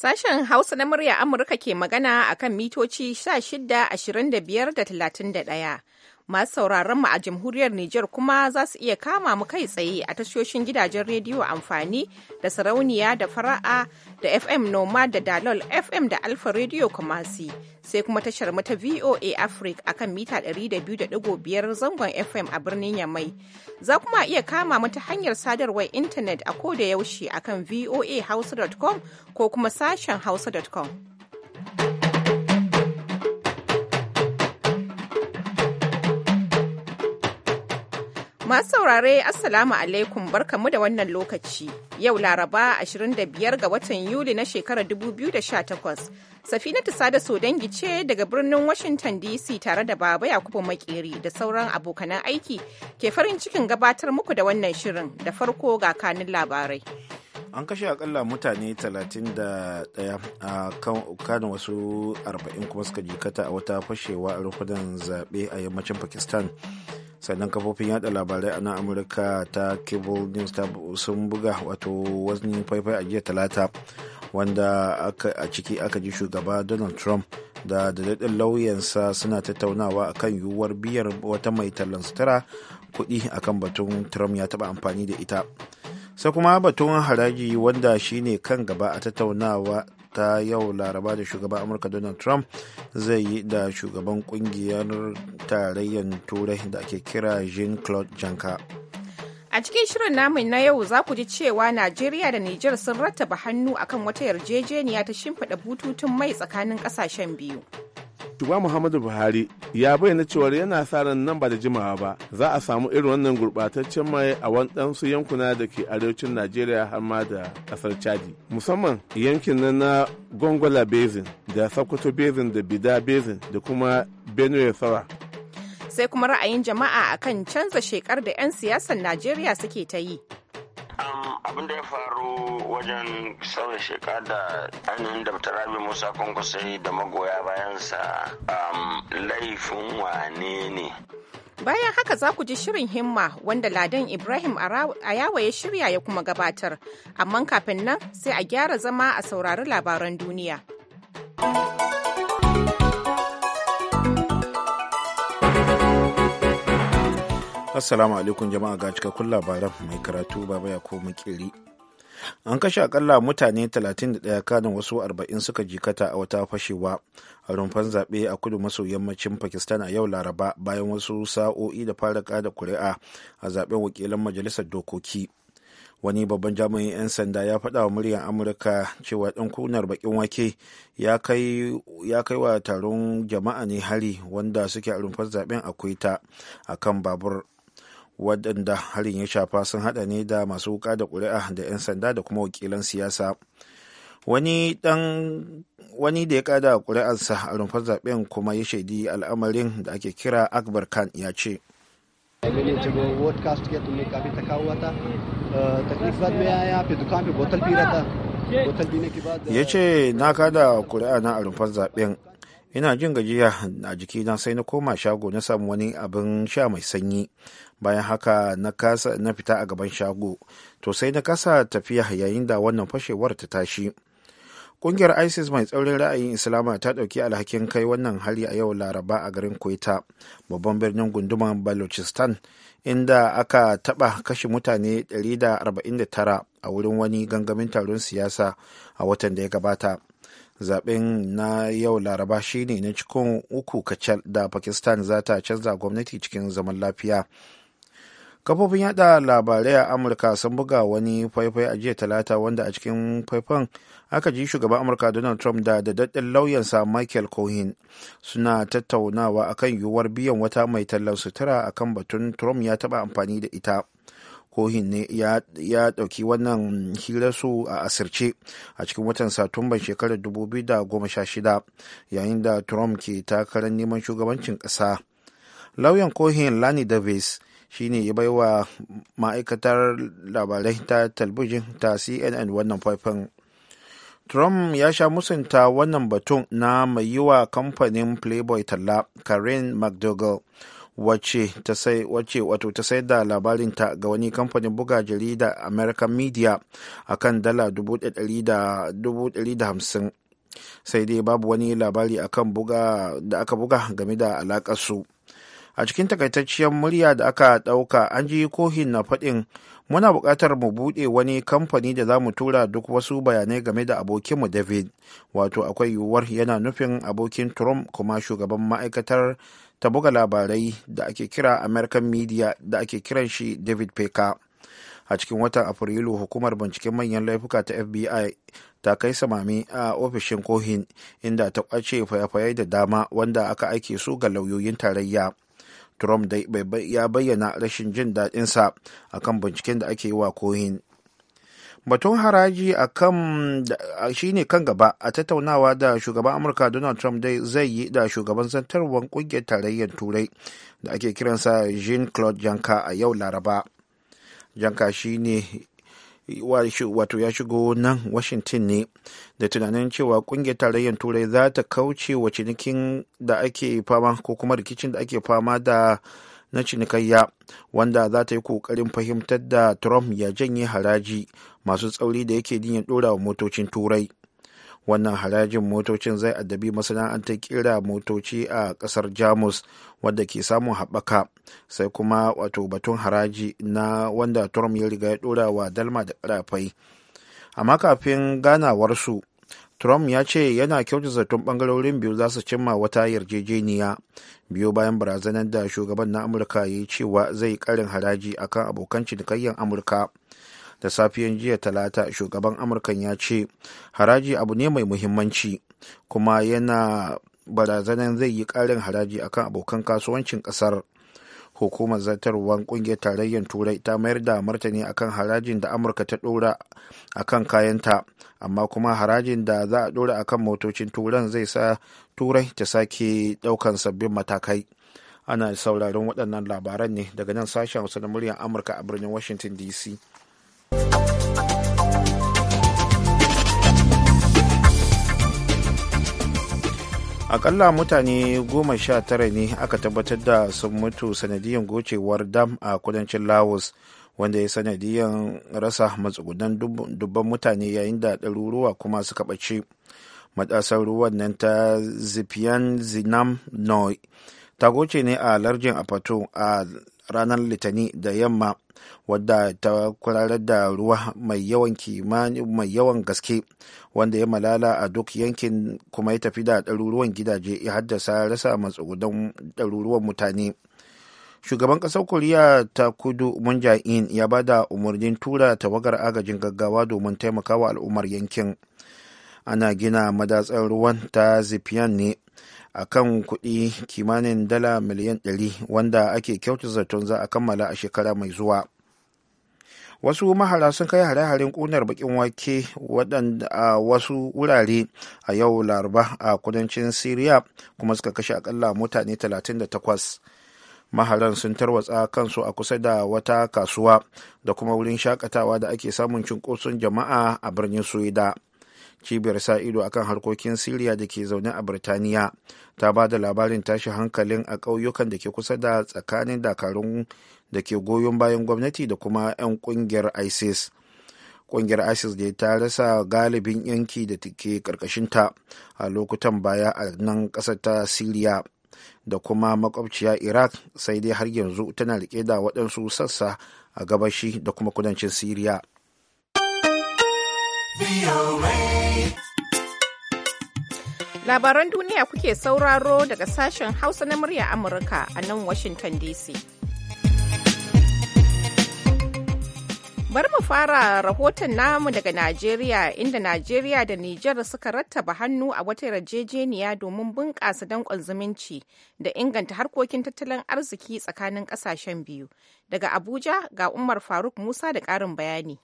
Sashen Hausa na murya Amurka ke magana a kan mitoci 16, 25 da 31. Masu sauraron mu a jamhuriyar Nijar kuma za su iya kama mu kai tsaye a tashoshin gidajen rediyo amfani da sarauniya da fara'a da FM Noma da Dalol FM da Alfa Radio Kumasi sai kuma tashar mu ta VOA Africa akan mita 200.5 zangon FM a birnin Yamai. Za kuma iya kama mu ta hanyar sadarwar intanet a ko da yaushe akan voahausa.com ko kuma sashen hausa.com. Masu saurare Assalamu alaikum barkamu da wannan lokaci. Yau Laraba 25 ga watan Yuli na shekarar 2018. Safinatu Sada Sodangi ce daga birnin Washington DC tare da Baba Yakubu Makeri da sauran abokanan aiki ke farin cikin gabatar muku da wannan shirin da farko ga kanin labarai. An kashe akalla mutane 31 a kan kanin wasu 40 kuma suka jikata a wata fashewa a rukunan zaɓe a yammacin Pakistan. sannan kafofin yada labarai a nan amurka ta cable news ta sun buga wato wani faifai a jiya talata wanda a ciki aka ji shugaba donald trump da daɗaɗɗen lauyansa suna tattaunawa a kan yiwuwar biyar wata mai tallan sutura kuɗi kan batun trump ya taɓa amfani da ita sai kuma batun haraji wanda shine kan gaba a tattaunawa ta yau laraba da shugaban amurka donald trump zai yi da shugaban kungiyar tarayyar turai da ake kira jean claude janka a cikin shirin namun na yau za ku ji cewa najeriya da niger sun rattaba hannu akan wata yarjejeniya ta shimfiɗa bututun mai tsakanin ƙasashen biyu Shugaba Muhammadu Buhari ya bayyana cewa yana sa ran nan ba da jimawa ba za a samu irin wannan gurɓataccen mai a waɗansu yankuna da ke arewacin Najeriya har ma da kasar Chadi. Musamman yankin na na Gongola Basin da Sokoto Basin da Bida Basin da kuma Benue Sawa. Sai kuma ra'ayin jama'a akan canza shekar da 'yan siyasar Najeriya suke ta yi. abin da ya faru wajen sauya sheka da ainihin da rabi musa kwankwasai da magoya bayansa laifin wane ne bayan haka za ku ji shirin himma wanda ladan ibrahim a yawa ya shirya ya kuma gabatar amma kafin nan sai a gyara zama a saurari labaran duniya Assalamu alaikum jama'a ga cikakkun labaran mai karatu baba ya ko kiri An kashe akalla mutane 31 kanin wasu 40 suka jikata a wata fashewa a rumfan zaɓe a kudu maso yammacin Pakistan a yau Laraba bayan wasu sa'o'i da fara kada kuri'a a zaɓen wakilan majalisar dokoki. Wani babban jami'in 'yan sanda ya faɗa wa muryar Amurka cewa ɗan kunar baƙin wake ya kai wa taron jama'a ne hari wanda suke a rumfar zaɓen akwai ta a kan babur waɗanda harin ya shafa sun haɗa ne da masu wuka da ƙuri'a da 'yan sanda da kuma wakilan siyasa wani da ya kada ƙuri'arsa a rumfar zaben kuma ya shaidi al'amarin da ake kira akbar khan ya ce ya ce na kada kuri'a na a rumfar zaben ina jin gajiya a jikina sai na koma shago na samu wani abin sha mai sanyi bayan haka na kasa na fita a gaban shago to sai na kasa tafiya yayin da wannan fashewar ta tashi kungiyar isis mai tsaurin ra'ayin islama ta ɗauki alhakin kai wannan hali a yau laraba a garin kwaita babban birnin gunduman balochistan inda aka taɓa kashe mutane 149 a wurin wani gangamin taron siyasa a watan da ya gabata zaben na yau laraba shine na cikin uku kacal da pakistan za ta canza gwamnati cikin zaman lafiya kafofin yada labarai a amurka sun buga wani faifai a jiya talata wanda a cikin faifan aka ji shugaban amurka donald trump da daddaɗin lauyansa michael cohen suna tattaunawa akan yiwuwar biyan wata mai tallan sutura akan batun trump ya taba amfani da ita cohen ne ya ɗauki wannan hirarsu a asirce a cikin watan satumban shekarar 2016 yayin da trump ke takarar neman shugabancin ƙasa lauyan cohen lani davis shine ya bai wa ma'aikatar labarai ta talbijin ta cnn wannan faifan trump ya sha musunta wannan batun na mai yi wa kamfanin playboy talla karen mcdougal wacce wato ta sai da labarinta ga wani kamfanin buga jarida american media a kan dala 150 sai dai babu wani labari akan buga da aka buga game da su. a cikin takaitacciyar murya da aka ɗauka an ji kohin na faɗin muna bukatar mu buɗe wani kamfani da zamu tura duk wasu bayanai game da abokinmu david wato akwai yiwuwar yana nufin abokin trump kuma shugaban ma'aikatar ta buga labarai da ake kira american media da ake kiran shi david peka a cikin watan afrilu hukumar binciken manyan laifuka ta fbi ta kai samami a ofishin kohin inda ta kwace faye-faye da dama wanda aka aike su ga lauyoyin tarayya Trump dai ya bayyana rashin jin daɗinsa a kan binciken da ake yi wa kohin. Batun haraji a kan shi ne kan gaba a tattaunawa da shugaban Amurka Donald Trump dai zai yi da shugaban zantarwar ƙungiyar tarayyar Turai da ake kiransa Jean-Claude Janka a yau Laraba. Janka shi ne wato ya shigo nan washington ne da tunanin cewa kungiyar tarayyar turai za ta kauce wa cinikin da ake fama ko kuma rikicin da ake fama da na cinikayya wanda za ta yi kokarin fahimtar da trump ya janye haraji masu tsauri da yake niyyar dora wa motocin turai wannan harajin motocin zai addabi masana'antar kira motoci a kasar jamus wadda ke samun haɓaka sai kuma wato batun haraji na wanda trump ya riga ya dora wa dalma da karafai amma kafin ganawar su trump ya ce yana kyauta zaton bangarorin biyu za su cimma wata yarjejeniya biyu bayan barazanar da shugaban na amurka ya yi cewa zai karin haraji akan abokan cinikayyar amurka da safiyan jiya talata shugaban amurkan ya ce haraji abu ne mai muhimmanci kuma yana barazanar zai yi karin haraji akan abokan kasuwancin kasar hukumar zartarwar kungiyar tarayyar turai ta mayar da martani akan harajin da amurka ta dora akan kayanta amma kuma harajin da za a dora akan motocin turan zai sa turai ta sake daukan sabbin matakai ana sauraron waɗannan labaran ne daga nan sashen hausa na muryar amurka a birnin washington dc akalla mutane goma sha tara ne aka tabbatar da sun mutu sanadiyar gocewar dam a kudancin laos wanda ya sanadiyan rasa matsugunan dubban mutane yayin da ɗaruruwa kuma suka ɓace matasar ruwan nan ta zipian zinam noi ta goce ne a larjin apato a ranar litani da yamma wadda ta kurarar da ruwa mai yawan kimani mai yawan gaske wanda ya malala a duk yankin kuma ya tafi da ɗaruruwan gidaje ya haddasa rasa matsugudan ɗaruruwan mutane shugaban ƙasar koriya ta kudu mun ya ba da umarnin tura tawagar agajin gaggawa domin taimakawa al'ummar yankin ana gina madatsar ruwan ta zipiyan ne a kan kuɗi kimanin dala miliyan 100 wanda ake kyautar zaton za a kammala a shekara mai zuwa wasu mahara sun kai hare-haren ƙunar bakin wake waɗanda a wasu wurare a yau laraba a kudancin syria kuma suka kashe akalla mutane 38 maharan sun tarwatsa kansu a kusa da wata kasuwa da kuma wurin shakatawa da ake samun cunkoson jama'a a birnin suida cibiyar sa ido akan harkokin siriya da ke zaune a birtaniya ta ba da labarin tashi hankalin a ƙauyukan da ke kusa da tsakanin dakarun da ke goyon bayan gwamnati da kuma 'yan ƙungiyar isis ƙungiyar isis da ta rasa galibin yanki da ke ƙarƙashinta a lokutan baya a nan ƙasar ta siriya da kuma makwabciya iraq sai dai har yanzu tana riƙe da waɗansu sassa a gabashi da kuma kudancin siriya. way Labaran duniya kuke sauraro daga sashen Hausa na murya Amurka a nan Washington DC. bar mu fara rahoton namu daga Najeriya inda Najeriya da Nijar suka rattaba hannu a wata yarjejeniya domin bunƙasa danƙon zumunci da inganta harkokin tattalin arziki tsakanin ƙasashen biyu. Daga Abuja ga Umar Faruk Musa da ƙarin bayani.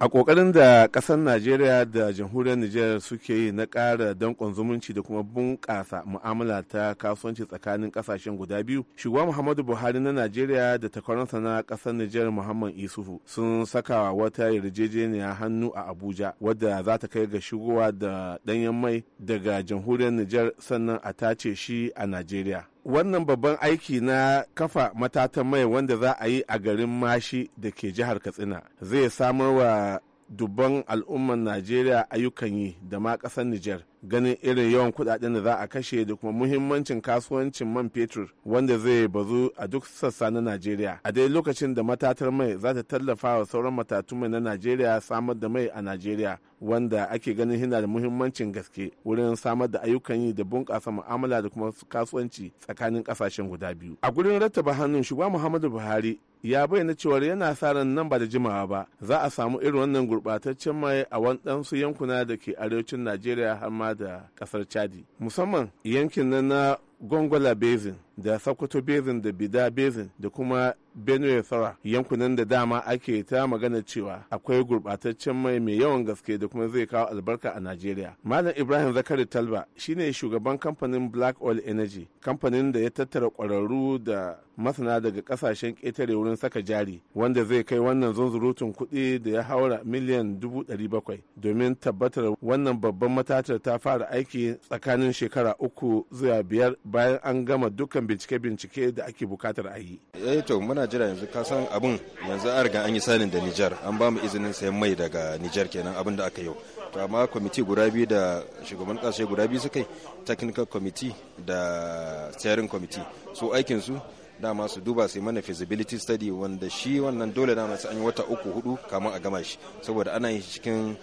a kokarin da kasar najeriya da jamhuriyar nijar suke yi na ƙara danƙon zumunci da kuma bunƙasa mu'amala ta kasuwanci tsakanin ƙasashen guda biyu shugaba muhammadu buhari na najeriya da takwaransa na ƙasar nijar muhammad isufu sun saka wata yarjejeniya hannu a abuja wadda za ta kai ga shigowa da ɗanyen mai daga jamhuriyar nijar sannan a tace shi a najeriya wannan babban aiki na kafa matatan mai wanda za a yi a garin mashi da ke jihar katsina zai samar wa dubban al'umman najeriya ayyukan yi da ma ƙasar nijar ganin irin yawan kudaden da za a kashe da kuma muhimmancin kasuwancin man fetur wanda zai bazu a duk sassa na najeriya a dai lokacin da matatar mai za ta tallafa wa sauran matatu mai na najeriya samar da mai a najeriya wanda ake ganin yana da muhimmancin gaske wurin samar da ayyukan yi da bunƙasa mu'amala da kuma kasuwanci tsakanin ƙasashen guda biyu a gurin rattaba hannun shugaba muhammadu buhari ya bayyana cewar yana sa ran nan ba da jimawa ba za a samu irin wannan gurbataccen mai a wadansu yankuna da ke arewacin najeriya har ma da kasar chadi musamman yankin nan na gongola basin da sokoto basin da bida basin da kuma benue sara yankunan da dama ake ta magana cewa akwai gurbataccen mai mai yawan gaske da kuma zai kawo albarka a najeriya malam ibrahim zakari talba shine shugaban kamfanin black oil energy kamfanin da ya tattara kwararru da masana daga kasashen ƙetare wurin saka jari wanda zai kai wannan zunzurutun kuɗi da ya haura miliyan dubu ɗari bakwai domin tabbatar wannan babban matatar ta fara aiki tsakanin shekara uku zuwa biyar bayan an gama dukkan bincike-bincike da ake bukatar a yi. Eh to muna jira yanzu ka san abin yanzu an riga an yi sanin da Nijar an ba mu izinin sayan mai daga Nijar kenan abin da aka yau. To amma kwamiti guda biyu da shugaban kasashe guda biyu suka yi technical committee da steering committee su aikin su dama su duba su mana feasibility study wanda shi wannan dole dama su an yi wata uku hudu kamar a gama shi saboda ana yi cikin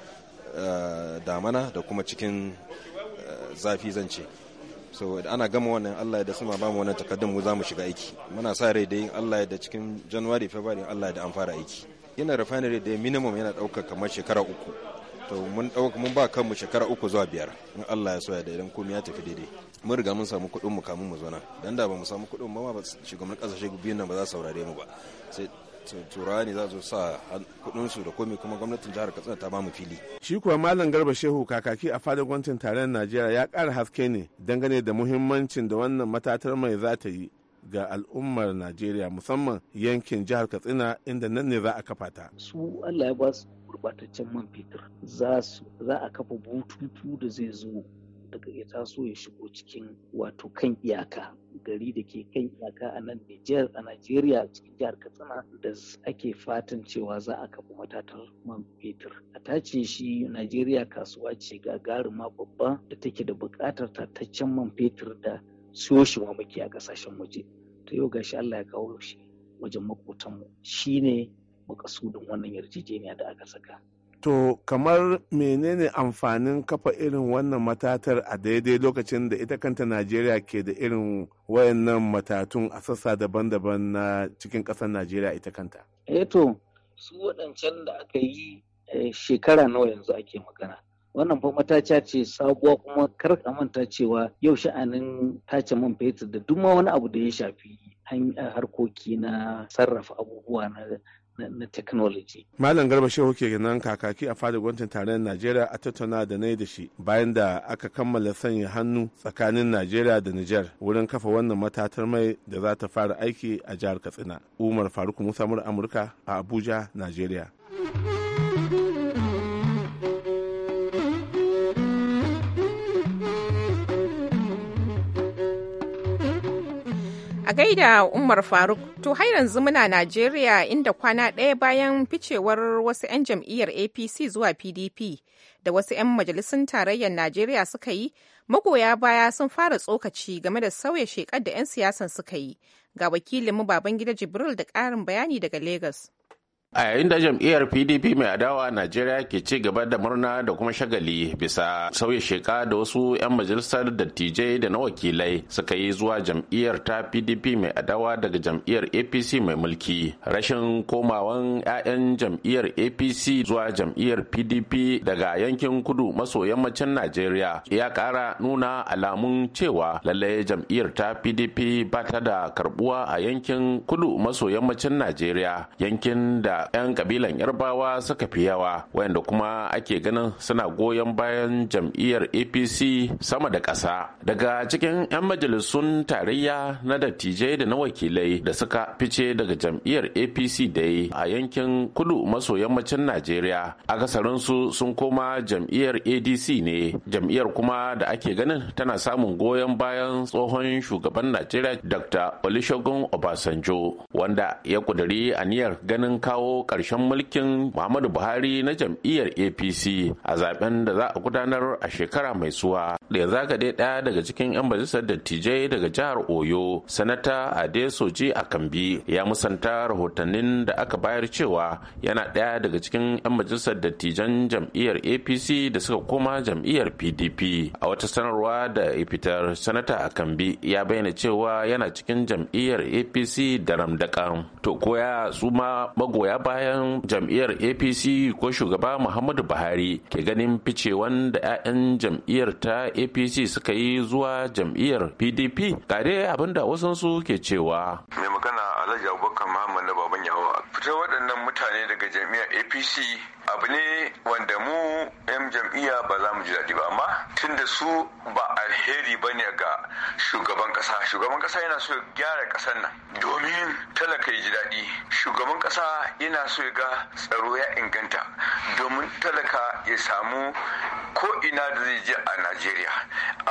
eh, damana da kuma cikin eh, zafi zance. ce. so ana gama wannan Allah ya da suna ba mu wannan takaddun mu za mu shiga aiki muna sa rai da yin Allah da cikin January February Allah ya da an fara aiki yana refinery da minimum yana dauka kamar shekara uku to mun ɗauka mun ba kanmu shekara uku zuwa biyar in Allah ya soya da idan komai ya tafi daidai mun riga mun samu kuɗin mu kamun mu zo nan dan da ba mu samu kuɗin mu ba shugaban kasashe biyu nan ba za su saurare mu ba sai turani ne za su sa kudinsu da komai kuma gwamnatin jihar katsina ta bamu fili shi kuwa malam garba shehu kakaki a fadar gwamnatin tarayyar najeriya ya kara haske ne dangane da muhimmancin da wannan matatar mai za ta yi ga al'ummar najeriya musamman yankin jihar katsina inda nan ne za a kafa ta su allah ya ba su gurbataccen man fetur za a kafa bututu da zai zo daga ta so ya shigo cikin wato kan iyaka gari da ke kan iyaka a nan Nijar a Najeriya cikin jihar Katsina da ake fatan cewa za a kafa matatar man fetur. A tace shi Najeriya kasuwa ce gagaruma babba da take da buƙatar tattacen man fetur da siyo shi mamaki a ƙasashen waje. Ta yau gashi Allah ya kawo shi wajen makotanmu shine makasudin wannan yarjejeniya da aka saka. to kamar menene amfanin kafa irin wannan matatar a daidai lokacin da ita kanta najeriya ke da irin wayannan matatun a sassa daban-daban na cikin ƙasar najeriya ita kanta eto eh su waɗancan da aka yi eh, shekara nawa yanzu ake magana wannan fa mataca ce sabuwa kuma kar ka manta cewa yau sha'anin tace man fetur da duk ma wani abu da ya shafi harkoki na sarrafa abubuwa na na technology. Malam Garba Shehu ke nan kakaki a fadar gwamnatin tarayyar Najeriya a tattauna da na da shi bayan da aka kammala sanya hannu tsakanin Najeriya da Nijar wurin kafa wannan matatar mai da za ta fara aiki a jihar Katsina. Umar Faruk Musa Amurka a Abuja, Najeriya. A gaida Umar Faruk, to har yanzu muna Najeriya inda kwana ɗaya bayan ficewar wasu 'yan jam'iyyar APC zuwa PDP da wasu 'yan majalisun tarayyar Najeriya suka yi, magoya baya sun fara tsokaci game da sauya shekar da 'yan siyasan suka yi. Ga wakilinmu Babangida Jibril da ƙarin bayani daga Legas. a yayin da jam'iyyar pdp mai adawa a najeriya ke ci gaba da murna da kuma shagali bisa sauya sheka da wasu 'yan majalisar dattijai da na wakilai suka yi zuwa jam'iyyar ta pdp mai adawa daga jam'iyyar apc mai mulki rashin komawan 'ya'yan jam'iyyar apc zuwa jam'iyyar pdp daga yankin kudu maso yammacin najeriya ya kara nuna alamun cewa lallai jam'iyyar ta pdp ba ta da karbuwa a yankin kudu maso yammacin najeriya yankin da 'yan kabilan yarbawa suka fi yawa wayanda kuma ake ganin suna goyon bayan jam'iyyar apc sama da ƙasa daga cikin 'yan majalisun tarayya na dattijai da na wakilai da suka fice daga jam'iyyar apc dai a yankin kudu maso yammacin najeriya akasarinsu sun koma jam'iyyar adc ne jam'iyyar kuma da ake ganin tana samun goyon bayan tsohon shugaban najeriya dr olusegun obasanjo wanda ya kuduri aniyar ganin kawo Karshen mulkin Muhammadu Buhari na jam'iyyar APC a zaben da za a gudanar a shekara mai zuwa. Da ya zaga dai ɗaya daga cikin 'yan majalisar dattijai daga jihar Oyo, Sanata Adesoji Akambi ya musanta rahotannin da aka bayar cewa yana ɗaya daga cikin 'yan majalisar dattijan jam'iyyar APC da suka koma jam'iyyar PDP. A wata sanarwa da fitar Sanata Akambi ya bayyana cewa yana cikin jam'iyyar APC da ramdakan. To koya su ma magoya magoya bayan jam'iyyar apc ko shugaba muhammadu buhari ke ganin ficewan da 'ya'yan jam'iyyar ta apc suka yi zuwa jam'iyyar pdp tare abinda wasan wasansu ke cewa mai magana alhaji abubakar muhammad na baban yawa fita waɗannan mutane daga jam'iyyar apc abu ne wanda mu 'yan jam'iyya ba za mu ji daɗi ba amma tunda su ba alheri ba ne ga shugaban ƙasa shugaban ƙasa yana so gyara ƙasar nan domin talaka ya ji daɗi shugaban ƙasa yana so ya ga tsaro ya inganta domin talaka ya samu ko ina da zai je a najeriya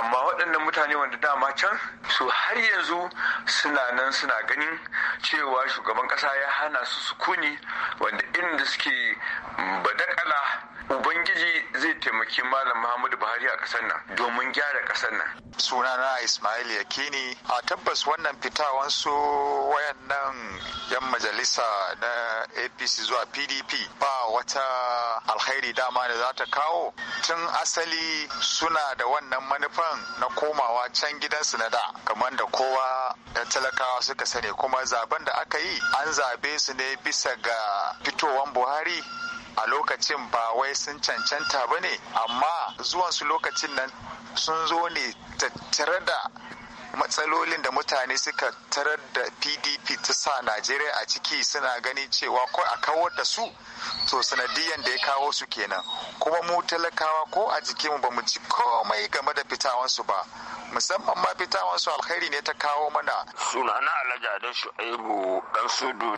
amma waɗannan mutane wanda dama can su har yanzu suna nan suna ganin cewa shugaban ƙasa ya hana su sukuni wanda inda suke badakala ubangiji zai taimaki malam muhammadu buhari a kasar nan domin gyara kasar nan sunana ismail yakini a tabbas wannan fitawan su wayannan yan majalisa na apc zuwa pdp ba wata alkhairi dama da za ta kawo tun asali suna da wannan manufan na komawa can gidansu na da kamar da kowa da talakawa suka sani kuma zaben da aka yi an zabe su ne bisa ga fitowan buhari a lokacin ba wai sun cancanta ba ne amma zuwansu lokacin nan sun zo ne tattare da matsalolin da mutane suka tarar da pdp ta sa najeriya a ciki suna ganin cewa ko a kawar da su to sanadiyan da ya kawo su kenan kuma mu talakawa ko a jikinmu ba mu ji komai game da fitawansu ba musamman ma fitawan su alkhairi ne ta kawo mana suna sunana alhaji adan shu'aibu dan sudu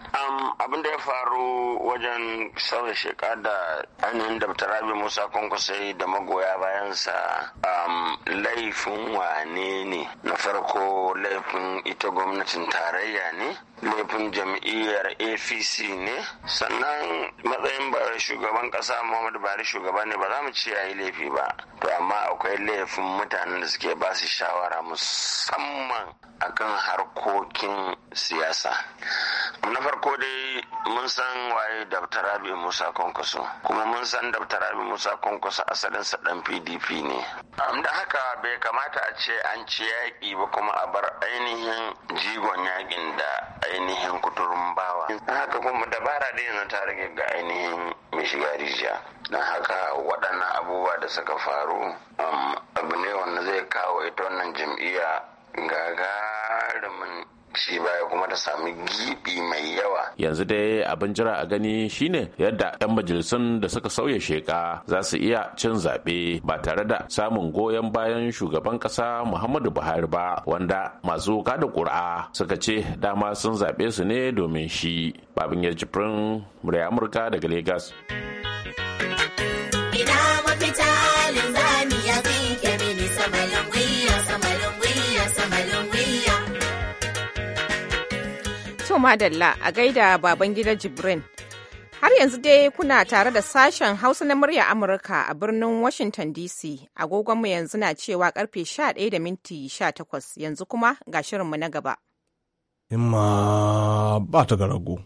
abin da ya faru wajen sauya sheka da ainihin da rabi musa kwankwasai da magoya bayansa laifin wane ne na farko laifin ita gwamnatin tarayya ne laifin jam'iyyar apc ne sannan matsayin shugaban kasa muhammadu Bari shugaba ne ba za mu ce ya yi laifi ba to amma akwai laifin mutanen da suke ba su shawara musamman akan harkokin siyasa na farko dai mun san waye dr rabi musa kwankwaso kuma mun san dr rabi musa kwankwaso asalinsa dan pdp ne da haka bai kamata a ce an ci yaƙi ba kuma a bar ainihin jigon yaƙin da ainihin kuturun bawa haka kuma dabara da yanzu ta rage ga ainihin mai shiga rijiya na haka waɗannan abubuwa da suka faru um, abu ne wanda zai kawo ita wannan jam'iyya gagarumin shi baya kuma ta sami gibi mai yawa. Yanzu dai abin jira a gani shine yadda 'yan majalisun da suka sauya sheka za su iya cin zaɓe ba tare da samun goyon bayan shugaban ƙasa Muhammadu Buhari ba wanda masu kada ƙuri'a suka ce dama sun zaɓe su ne domin shi. Babin ya murya Amurka daga Legas. madalla a gaida baban gida Jibrin. Har yanzu dai kuna tare da sashen Hausa na murya Amurka a birnin Washington DC. Agogonmu yanzu na cewa karfe 11 da minti 18 yanzu kuma ga shirinmu na gaba. Imma ba ta garago.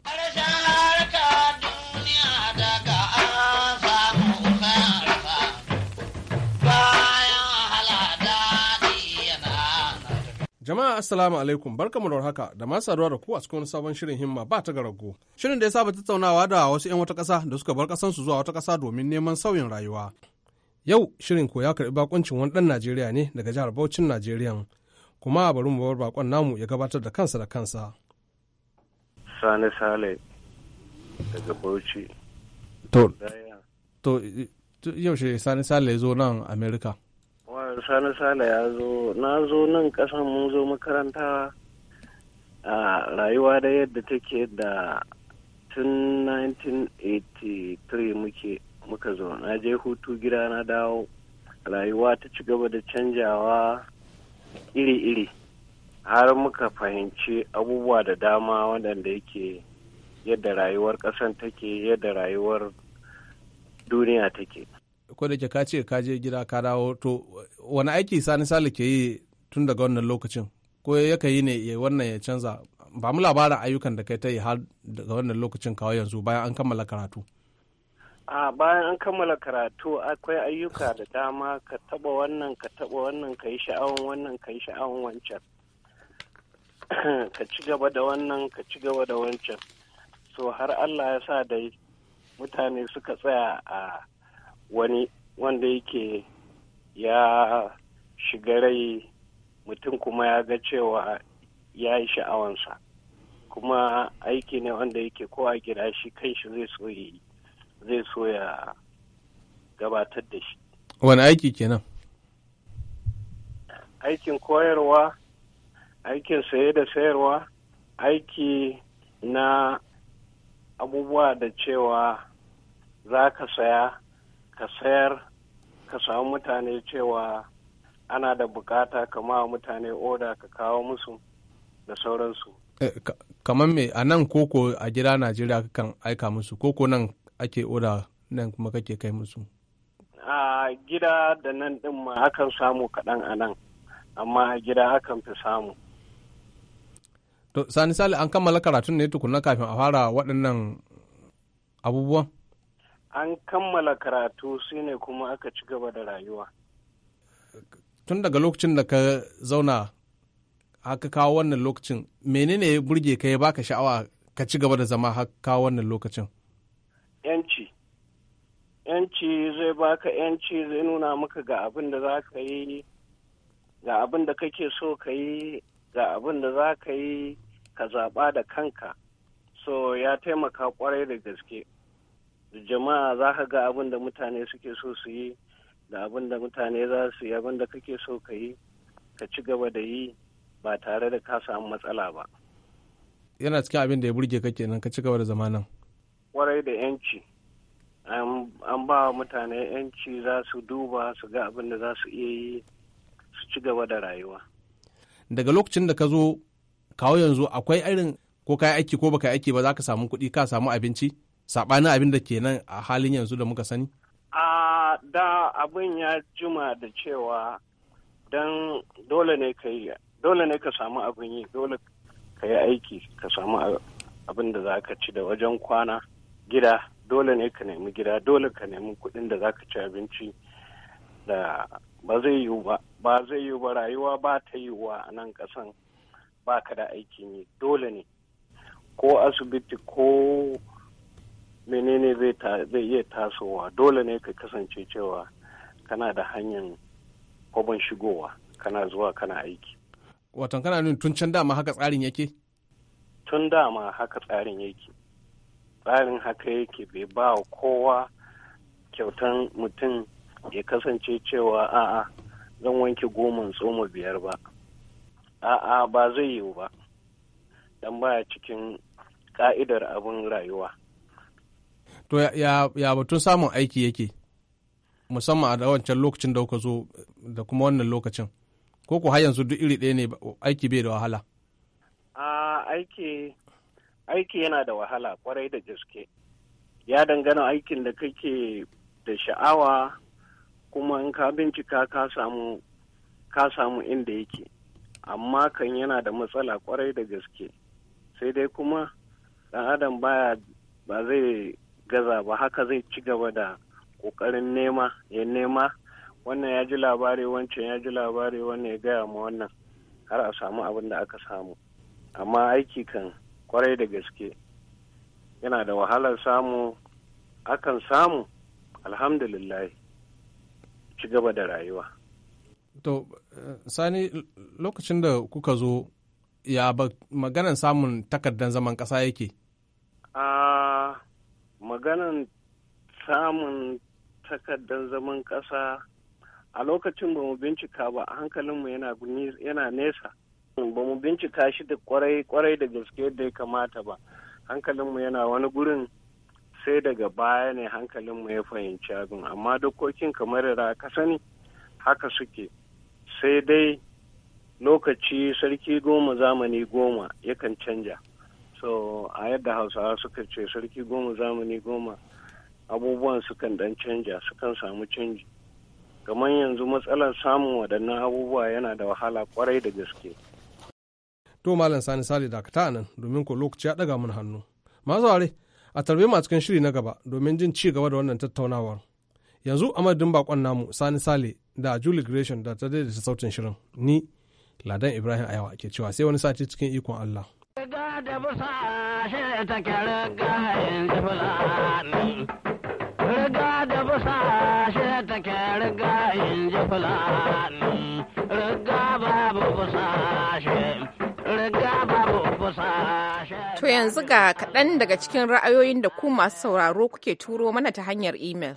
Jama'a Assalamu alaikum barkamu da haka da masu saduwa da ku a cikin sabon shirin himma ba ta garago. Shirin da ya saba tattaunawa da wasu 'yan wata ƙasa da suka bar ƙasansu zuwa wata ƙasa domin neman sauyin rayuwa. Yau shirin ko ya karɓi bakuncin wani ɗan Najeriya ne daga jihar Bauchin Najeriya. Kuma bari mu bar bakon namu ya gabatar da kansa da kansa. Sani Sale daga Bauchi. To, to, Sani Sale ya zo nan Amerika. Wani sani sale ya zo, na zo nan kasan mun zo makaranta a rayuwa da yadda take da tun 1983 muke muka zo na je hutu gida na dawo rayuwa ta ci gaba da canjawa iri-iri har muka fahimci abubuwa da dama waɗanda yake yadda rayuwar ƙasan take yadda rayuwar duniya take ko da ka ce ka je gida ka dawo to wani aiki sani sale ke yi tun daga wannan lokacin ko yaka yi ne ya wannan ya canza ba mu labarin ayyukan da kai ta yi har daga wannan lokacin kawai yanzu bayan an kammala karatu a bayan an kammala karatu akwai ayyuka da dama ka taba wannan ka taba wannan ka yi sha'awan wannan ka yi sha'awan wancan ka ci gaba da wannan ka ci gaba da wancan so har allah ya sa dai mutane suka tsaya a wani wanda yake ya shiga rai mutum kuma ya ga cewa ya yi sha'awansa kuma aiki ne wanda yake ko gida shi kanshi zai zai so gabatar da shi wani aiki kenan aikin koyarwa aikin saye da sayarwa aiki na abubuwa da cewa za ka saya ka sayar ka samu mutane cewa ana da bukata kama mutane oda ka kawo musu da sauransu eh, kamar me a nan koko a gida najeriya kan aika musu koko nan ake oda nan kuma kake kai musu a gida da nan din ma akan samu kaɗan a nan amma a gida akan fi samu to sani sali an kammala karatun ne tukuna kafin a fara waɗannan abubuwan an kammala karatu su ne kuma aka ci gaba da rayuwa tun daga lokacin da ka zauna haka kawo wannan lokacin menene ya burge ka ya baka sha'awa ka ci gaba da zama haka kawo wannan lokacin yanci yanci zai baka yanci zai nuna maka ga abin da za ka yi ga abin da kake so ka yi ga abin da za ka yi ka zaɓa da kanka so ya taimaka kwarai da gaske jama'a za ka ga abin da mutane suke so su yi da abin da mutane za su yi abin da kake so ka yi ka ci gaba da yi ba tare da ka samu matsala ba yana cikin abin da ya burge kake kenan ka ci gaba da zamanin kwarai da yanci an ba mutane yanci za su duba su ga abin da za su iya yi su ci gaba da rayuwa daga lokacin da ka zo kawo yanzu akwai irin ko ka aiki ko baka yi aiki ba za ka samu kuɗi ka samu abinci saɓanin abin da ke nan a halin yanzu da muka sani? A da abin ya juma da cewa don dole ne ka yi dole ne ka samu abin yi dole ka yi aiki ka samu abin da za ka ci da wajen kwana gida dole ne ka nemi gida dole ka nemi kuɗin da za ka ci abinci da ba zai yiwu ba ba zai yiwu ba rayuwa ba ta yiwuwa a nan kasan ba ka da aikin yi dole ne ko asibiti ko menene zai iya tasowa dole ne ka kasance cewa kana da hanyar kwabon shigowa kana zuwa kana aiki watan kana nun tun can dama haka tsarin yake tun dama haka tsarin yake tsarin haka yake bai ba kowa kyautan mutum ya kasance cewa a'a zan wanke goma tsoma biyar ba a'a ba zai yiwu ba dan baya cikin ka'idar abin rayuwa To ya batun samun aiki yake musamman a wancan lokacin da kuka zo da kuma wannan lokacin ko ku har yanzu duk iri ɗaya ne aiki bai da wahala. aiki yana da wahala kwarai da gaske ya dangana aikin da kake da sha'awa kuma in ka bincika ka samu inda yake amma kan yana da matsala kwarai da gaske sai dai kuma ɗan adam baya ba zai gaza ba haka zai ci gaba da ƙoƙarin nema ya nema wannan ya ji labari wancan ya ji labari wannan ya gaya ma wannan har a samu abin da aka samu amma aiki kan kwarai da gaske yana da wahalar samu akan samu alhamdulillah ci gaba da rayuwa to eh, sani lokacin da kuka zo ya maganar samun takardar zaman ƙasa yake Uh, maganan samun takardar zaman ƙasa a lokacin ba mu bincika ba a hankalinmu yana nesa ba mu bincika shi da kwarai da gaske da ya kamata ba hankalinmu yana wani gurin sai daga baya ne hankalinmu ya fahimci abin amma dokokin kamar da ka sani haka suke sai dai lokaci sarki goma zamani goma yakan canja so a yadda hausawa suka ce sarki goma zamani goma abubuwan sukan dan canja sukan samu canji kamar yanzu matsalar samun waɗannan abubuwa yana da wahala kwarai da gaske to malam sani sali dakata nan domin ko lokaci ya daga mun hannu masu ware a tarbe mu a cikin shiri na gaba domin jin ci gaba da wannan tattaunawar yanzu a madadin bakon namu sani sale da julie gresham da ta daidaita sautin shirin ni ladan ibrahim ayawa ke cewa sai wani sati cikin ikon allah busa shi take riga yanzu fulani. Riga da busa shi take riga ji fulani. Riga babu busa shi. Riga babu busa To yanzu ga kaɗan daga cikin ra'ayoyin da ku masu sauraro kuke turo mana ta hanyar imel.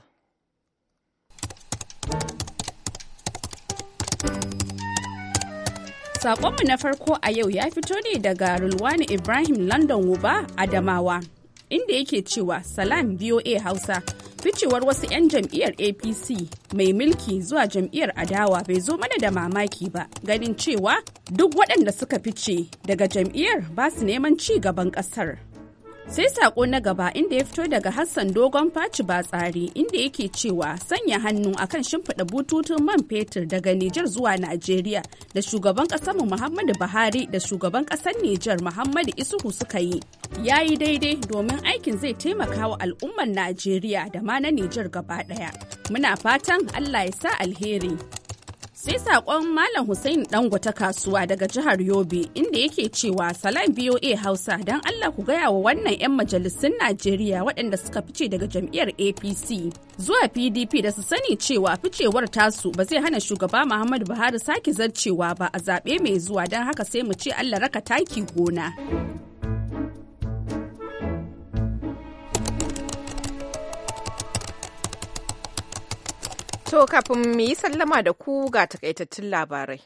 Sakonmu na farko a yau ya fito ne daga Rulwani Ibrahim London Wuba Adamawa, inda yake cewa Salam boa Hausa. Ficewar wasu 'yan jam'iyyar APC mai mulki zuwa jam'iyyar adawa bai zo mana da mamaki ba, ganin cewa duk waɗanda suka fice daga jam'iyyar ba su neman ci gaban ƙasar. sai sako na gaba inda ya fito daga hassan dogon faci ba tsari inda yake cewa sanya hannu akan shimfiɗa bututun man fetur daga nijar zuwa najeriya da shugaban mu muhammadu buhari da shugaban ƙasar nijar muhammadu isuhu suka yi ya yi daidai domin aikin zai taimaka wa al'ummar najeriya da ma na nijar gaba ɗaya muna fatan allah ya sa alheri sai sakon malam hussein dango ta kasuwa daga jihar yobe inda yake cewa salam boa hausa don allah ku gaya wa wannan 'yan majalisun najeriya waɗanda suka fice daga jam'iyyar apc zuwa pdp da su sani cewa ficewar tasu ba zai hana shugaba muhammadu buhari sake zarcewa ba a zaɓe mai zuwa don haka sai mu ce allah raka taki gona. To kafin mu yi sallama da ku ga takaitattun labarai.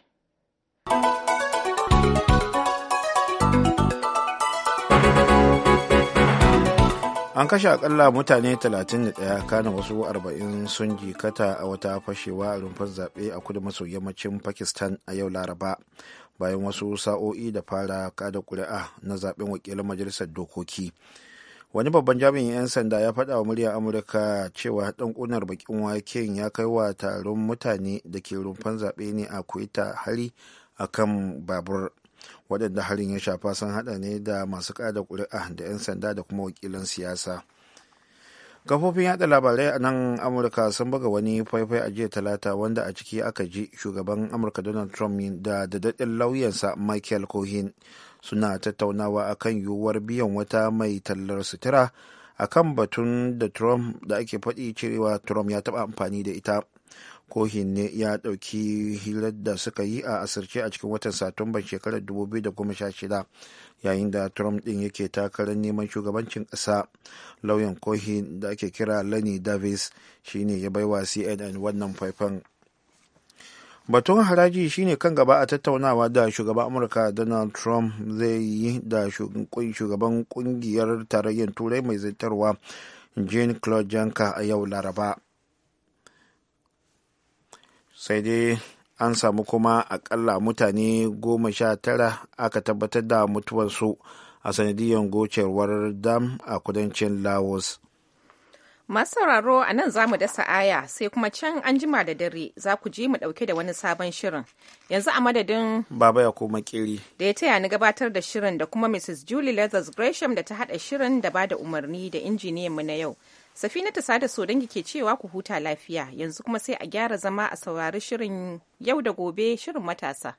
an kashe akalla mutane 31 kana wasu 40 sun jikata a wata fashewa a rumfar zaɓe a kudu maso yammacin pakistan a yau laraba bayan wasu sa'o'i da fara kada ƙuri'a na zaɓen wakilin majalisar dokoki wani babban jami'in 'yan sanda ya faɗa wa muryar amurka cewa ɗan kunar bakin waken ya kai wa taron mutane da ke rumfan zaɓe ne a kuita hari a kan babur waɗanda harin ya shafa sun haɗa ne da masu ƙada ƙuri'a da 'yan sanda da kuma wakilan siyasa kafofin yada labarai a nan amurka sun buga wani faifai a jiya talata wanda a ciki aka ji shugaban amurka donald trump da daɗaɗɗen lauyansa michael cohen suna tattaunawa akan yiwuwar biyan wata mai tallar sutura kan batun da trump da ake faɗi cewa trump ya taɓa amfani da ita kohin ne ya ɗauki hirar da suka yi a asirce a cikin watan satumban shekarar 2016 yayin da trump ɗin yake takarar neman shugabancin ƙasa lauyan kohin da ake kira lenny davis shine ya baiwa cnn wannan faifan batun haraji shine kan gaba a tattaunawa da shugaban amurka donald trump zai yi da shugaban kungiyar tarayyar turai mai zartarwa jean claude janka a yau laraba sai dai an samu kuma akalla mutane goma sha tara aka tabbatar da mutuwarsu a sanadiyar gocewar dam a kudancin laos Masu sauraro a nan za mu dasa aya sai kuma can an jima da dare za ku je mu ɗauke da wani sabon shirin. Yanzu a madadin Baba ya koma kiri. Da ya taya ni gabatar da shirin da kuma Mrs. Julie Leathers Gresham da ta haɗa shirin da ba da umarni da injiniyan mu na yau. Safina ta sada so dangi ke cewa ku huta lafiya yanzu kuma sai a gyara zama a saurari shirin yau da gobe shirin matasa.